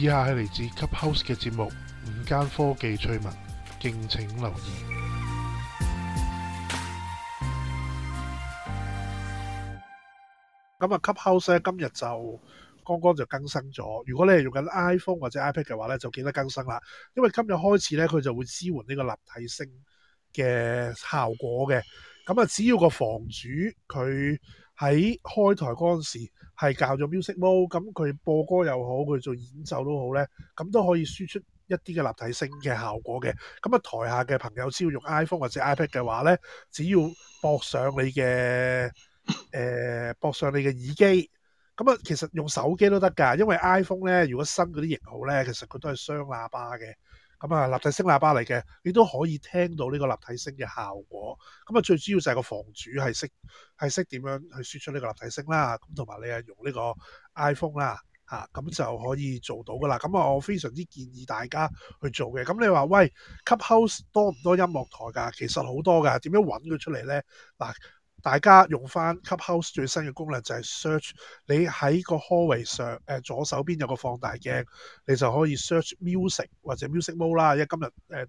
以下係嚟自 Clubhouse 嘅節目《五間科技趣聞》，敬請留意。咁啊，Clubhouse 今日就剛剛就更新咗。如果你係用緊 iPhone 或者 iPad 嘅話咧，就記得更新啦。因為今日開始咧，佢就會支援呢個立體聲嘅效果嘅。咁啊，只要個房主佢喺開台嗰陣時係教咗 Music Mode，咁佢播歌又好，佢做演奏都好咧，咁都可以輸出一啲嘅立體聲嘅效果嘅。咁啊，台下嘅朋友只要用 iPhone 或者 iPad 嘅話咧，只要駁上你嘅誒、呃、駁上你嘅耳機，咁啊其實用手機都得㗎，因為 iPhone 咧如果新嗰啲型號咧，其實佢都係雙喇叭嘅。咁啊、嗯，立體聲喇叭嚟嘅，你都可以聽到呢個立體聲嘅效果。咁、嗯、啊，最主要就係個房主係識係識點樣去輸出呢個立體聲啦。咁同埋你係用呢個 iPhone 啦，嚇、啊、咁、嗯、就可以做到噶啦。咁、嗯、啊，我非常之建議大家去做嘅。咁、嗯、你話喂，Clubhouse 多唔多音樂台㗎？其實好多㗎。點樣揾佢出嚟呢？嗱。大家用翻 Clubhouse 最新嘅功能就係 search。你喺個 hallway 上，誒、呃、左手邊有個放大鏡，你就可以 search music 或者 music mode 啦。因為今日誒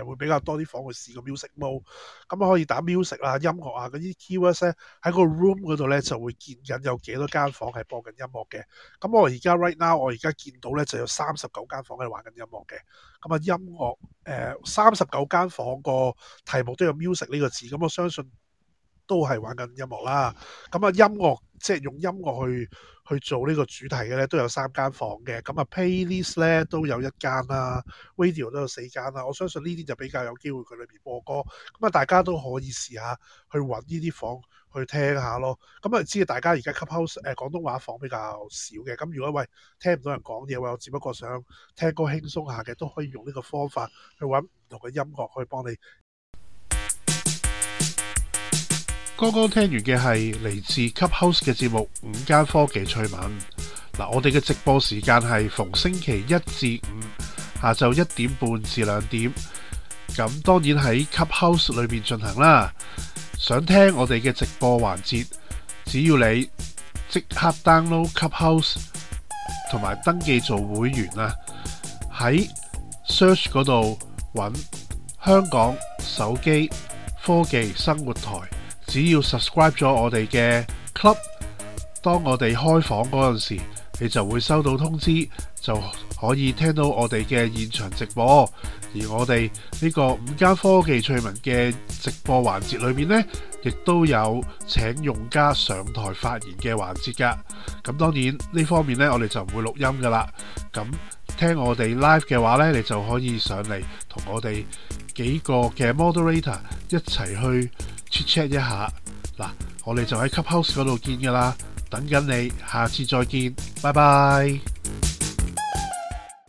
誒會比較多啲房去試個 music mode，咁可以打 music 啦、啊、音樂啊嗰啲 keywords 咧，喺個 room 嗰度咧，就會見緊有幾多間房係播緊音樂嘅。咁我而家 right now 我而家見到咧，就有三十九間房係玩緊音樂嘅。咁啊音樂誒三十九間房個題目都有 music 呢個字，咁我相信。都係玩緊音樂啦，咁啊音樂即係用音樂去去做呢個主題嘅咧，都有三間房嘅，咁啊 playlist 咧都有一間啦，radio 都有四間啦，我相信呢啲就比較有機會佢裏邊播歌，咁啊大家都可以試下去揾呢啲房去聽下咯，咁啊知道大家而家 Clubhouse 誒廣東話房比較少嘅，咁如果喂聽唔到人講嘢，我只不過想聽歌輕鬆下嘅，都可以用呢個方法去揾唔同嘅音樂去幫你。剛剛聽完嘅係嚟自 Clubhouse 嘅節目《五間科技趣聞》嗱、啊。我哋嘅直播時間係逢星期一至五下晝一點半至兩點。咁當然喺 Clubhouse 裏面進行啦。想聽我哋嘅直播環節，只要你即刻 download Clubhouse 同埋登記做會員啊。喺 search 嗰度搵香港手機科技生活台。只要 subscribe 咗我哋嘅 club，當我哋開房嗰陣時，你就會收到通知，就可以聽到我哋嘅現場直播。而我哋呢個五家科技趣聞嘅直播環節裏面呢，亦都有請用家上台發言嘅環節㗎。咁當然呢方面呢，我哋就唔會錄音㗎喇。咁聽我哋 live 嘅話呢，你就可以上嚟同我哋幾個嘅 moderator 一齊去。Check 一下，嗱，我哋就喺 Clubhouse 嗰度見㗎喇，等緊你，下次再見，拜拜。